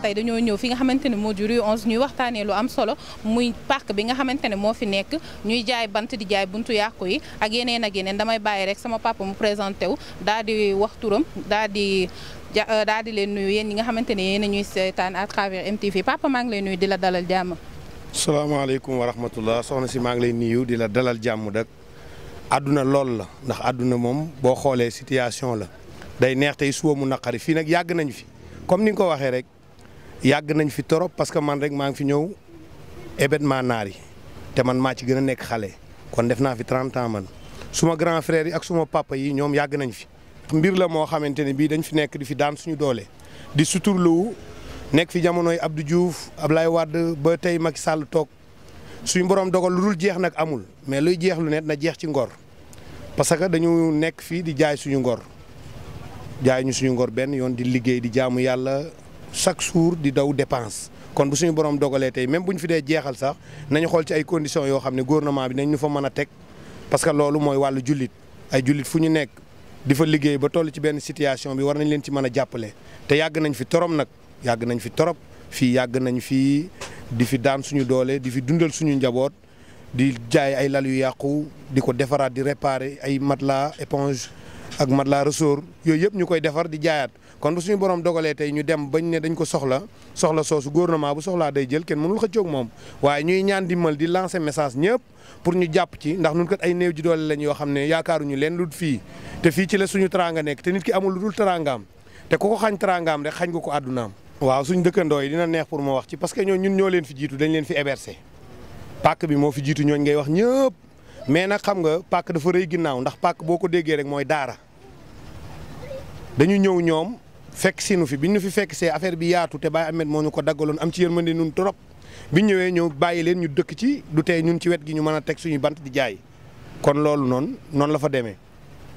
tey dañoo ñëw fi nga xamante ne moo di rue 11 ñuy waxtaanee lu am solo muy parc bi nga xamante ne moo fi nekk ñuy jaay bant di jaay buntu yàqu yi ak yeneen ak yeneen damay bàyyi rek sama papa mu présenté wu daal di wax turam daal di euh, daal di leen nuyu yéen ñi nga xamante ne yéen a ñuy seetaan à travers MTV papa maa ngi lay nuyu di la dalal jàmm. salaamaaleykum wa rahmatullah soxna si maa ngi lay nuyu di la dalal jàmm dak àdduna lool la ndax àdduna moom boo xoolee situation la day neex tey suba mu naqari fii nag yàgg nañu fi comme ni nga ko waxee rek. yàgg nañ fi torop parce que man rek maa ngi fi ñëw événement naar yi te man maa ci gën a nekk xale kon def naa fi 30 ans man suma grand frère yi ak suma papa yi ñoom yàgg nañ fi. mbir la moo xamante ne bii dañ fi nekk di fi daan suñu doole di suturlu nekk fi jamonoy Abdou Diouf Ablaye Wade ba tey mag Sall toog suñu borom dogal lu dul jeex nag amul mais luy jeex lu ne na jeex ci ngor parce que dañu nekk fii di jaay suñu ngor jaay ñu suñu ngor benn yoon di liggéey di jaamu yàlla. chaque jour di daw dépense kon bu suñu borom dogalee tey même bu ñu fi dee jeexal sax nañu xool ci ay conditions yoo xam ne gouvernement bi nañ ñu fa mën a teg parce que loolu mooy wàllu jullit ay jullit fu ñu nekk di fa liggéey ba toll ci benn situation bi war nañ leen ci mën a jàppale te yàgg nañ fi torop nag yàgg nañ fi torop fii yàgg nañ fii di fi daan suñu doole di fi dundal suñu njaboot di jaay ay lal yu yàqu di ko defaraat di réparer ay matelas éponge ak matelas ressort yooyu yëpp ñu koy defar di jaayaat kon bu suñu borom dogalee tey ñu dem bañ ne dañ ko soxla soxla soosu góor gouvernement bu soxlaa day jël kenn mënul xëccoog moom waaye ñuy ñaan dimbal di lancer message ñëpp pour ñu jàpp ci ndax nun kat ay néew ji doole lañ yoo xam ne yaakaaruñu leen lu fii te fii ci la suñu teraanga nekk te nit ki amul lu dul teraangaam te ku ko xañ teraangaam rek xañ nga ko àddunaam waaw suñu dëkkandoo yi dina neex pour ma wax ci parce que ñoo ñun ñoo leen fi jiitu dañ leen fi héberger bi moo fi jiitu ñooñ ngay wax ñëpp mais nag xam nga pàkk dafa rëy ginnaaw ndax pàkk boo ko déggee rek mooy daara dañu ñëw ñoom fekk si nu fi biñ ñu fi fekk see affaire bi yaatu te Baye Ahmed moo ñu ko daggaloon am ci yërmande nun trop biñ ñëwee ñëw bàyyi leen ñu dëkk ci du tey ñun ci wet gi ñu mën a teg suñu bant di jaay kon loolu noonu noonu la fa demee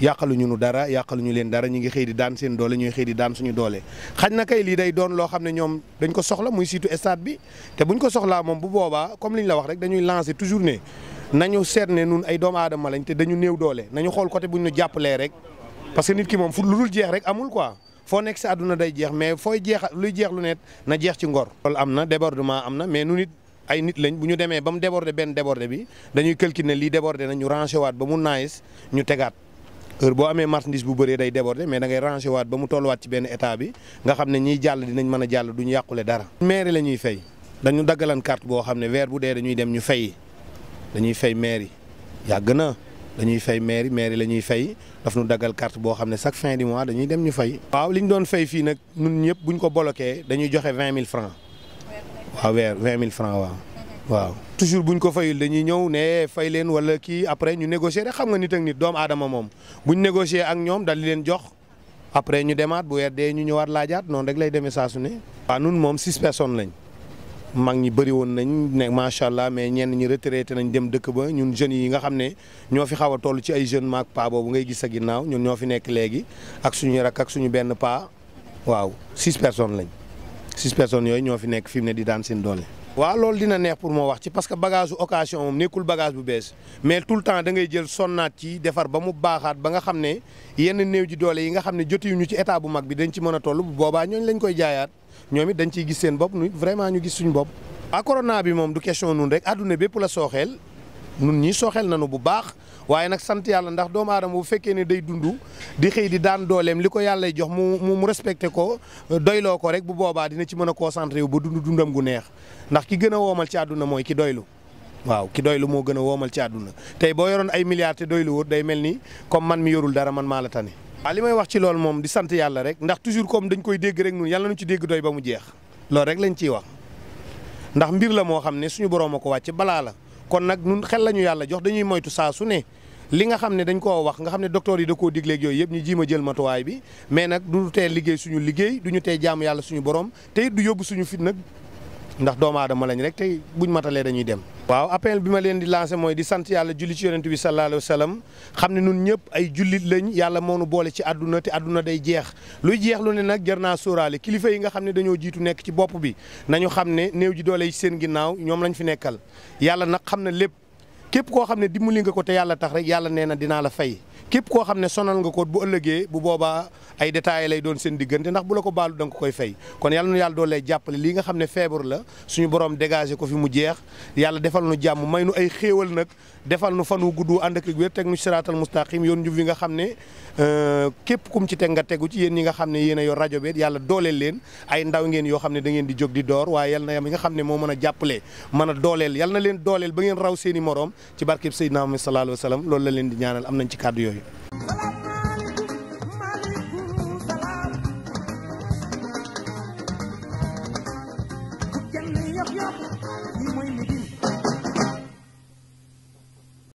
yàqaluñu nu dara yàqaluñu leen dara ñu ngi xëy di daan seen doole ñuy xëy di daan suñu doole xaj na kay lii day doon loo xam ne ñoom dañ ko soxla muy surtout stade bi te buñ ko soxlaa moom bu boobaa comme li ñu la wax rek dañuy lancer toujours ne nañu seet ne nun ay doomu aadama lañ te dañu néew doole xool côté buñ ñu jàppalee rek parce que nit ki moom fu lu dul jeex rek amul quoi foo nekk si àdduna day jeex mais fooy jeex luy jeex lu net na jeex ci ngor. loolu am na débordement am na mais nu nit ay nit lañ bu ñu demee ba mu déborder benn déborder bi dañuy calculer ne lii déborder nañu ñu waat ba mu naajis ñu tegaat. heure boo amee marchandise bu bëree day déborder mais da ngay rangé waat ba mu tolluwaat ci benn état bi nga xam ne ñiy jàll dinañ mën a jàll duñu yàqule dara. mairie la ñuy fay dañu daggalan carte boo xam ne weer bu dee dañuy dem ñu fay dañuy fay mairie yàgg na dañuy fay mairie mairie la ñuy fay daf nu daggal carte boo xam ne chaque fin di mois dañuy dem ñu fay. waaw li ñu doon fay fii nag ñun ñëpp bu ñu ko bolokee dañuy joxe vingt mille francs waaw weer vingt mille francs waaw. waaw toujours bu ñu ko fayul dañuy ñëw ne fay leen wala kii après ñu négocier rek xam nga nit ak nit doom aadama moom bu ñu négocier ak ñoom dal di leen jox après ñu demaat bu weer dee ñu ñëwaat laajaat noonu rek lay demee saa su ne. waaw ñun moom six personnes lañ. mag ñi bëri woon nañ ne macha allah mais ñenn ñi retraité nañ dem dëkk ba ñun jeunes yi nga xam ne ñoo fi xaw a toll ci ay jeunes maag paa boobu ngay gis sa ginnaaw ñun ñoo fi nekk léegi ak suñu rak ak suñu benn paa waaw six personnes lañ six personnes yooyu ñoo fi nekk fi mu ne di daan seen doole. waaw loolu dina neex pour moo wax ci parce que bagage occasion moom nekkul bagage bu bees mais tout le temps da ngay jël sonnaat ci defar ba mu baaxaat ba nga xam ne yenn néew ji doole yi nga xam ne jotiwuñu ci état bu mag bi dañ ci mën a toll bu boobaa ñooñ lañ koy jaayaat ñoom it dañ ciy gis seen bopp nu vraiment ñu gisuñu bopp. a ah, corona bi moom du question nun rek àdduna bépp la sooxeel nun ñii soxel nañu bu baax waaye nag sant yàlla ndax doomu aadama bu fekkee ne day dund di xëy di daan dooleem li ko yàllay jox mu mu respecté ko euh, doyloo ko rek bu boobaa dina ci mën a concentré wu ba dund dundam gu neex ndax ki gën a woomal ci àdduna mooy ki doylu waaw ki doylu moo gën a woomal ci àdduna tey boo yoroon ay milliards te doylu wóor day mel ni comme man mi yorul dara man maa la tane. waaw li may wax ci loolu moom di sant yàlla rek ndax toujours comme dañ koy dégg rek ñun yàlla nañu ci dégg doy ba jeex loolu rek lañ ciy wax ndax mbir la moo xam ne suñu borom a ko wàcc balaa la kon nag nun xel lañu yàlla jox dañuy moytu saa su ne li nga xam ne dañ koo wax nga xam ne docteur yi da koo digleeg yooyu yëpp ñu ma jël matuwaay bi mais nag du tee liggéey suñu liggéey du ñu tee jaamu yàlla suñu borom te it du yóbbu suñu fit nag ndax doomu aadama lañ rek te buñ matalee dañuy dem. waaw appel bi ma leen di lancé mooy di sant yàlla julli ci yonent bi sallallahu xam ne nun ñëpp ay jullit lañ yàlla moo nu boole ci àdduna te àdduna day jeex luy jeex lu ne nag jar naa sóoraale kilifa yi nga xam ne dañoo jiitu nekk ci bopp bi nañu xam ne néew ji doole yi seen ginnaaw ñoom lañ fi nekkal yàlla nag xam na lépp. képp koo xam ne dimbali nga ko te yàlla tax rek yàlla nee na dinaa la fay képp koo xam ne sonal nga ko bu ëllëgee bu boobaa ay détails lay doon seen diggante ndax bu la ko baalu da koy fay kon yàlla nu yàlla doon jàppale lii nga xam ne feebar la suñu borom dégagé ko fi mu jeex yàlla defal nu jàmm may nu ay xéewal nag defal nu fan wu gudd ànd ak wér teg nu siraatal mustaqim yoon njub yi nga xam ne euh, képp kum ci teg nga tegu ci yéen ñi xam ne yéen a yor rajo bi yàlla dooleel leen ay ndaw ngeen yoo xam ne da ngeen di jóg di door waaye yàlla na yam nga xam ne moo a jàppale mën a dooleel na leen dooleel ba ngeen raw seeni morom ci barkeb Seydina Muhammad sallallahu alayhi wa sallam loolu la leen di ñaanal am nañ ci kàddu yooyu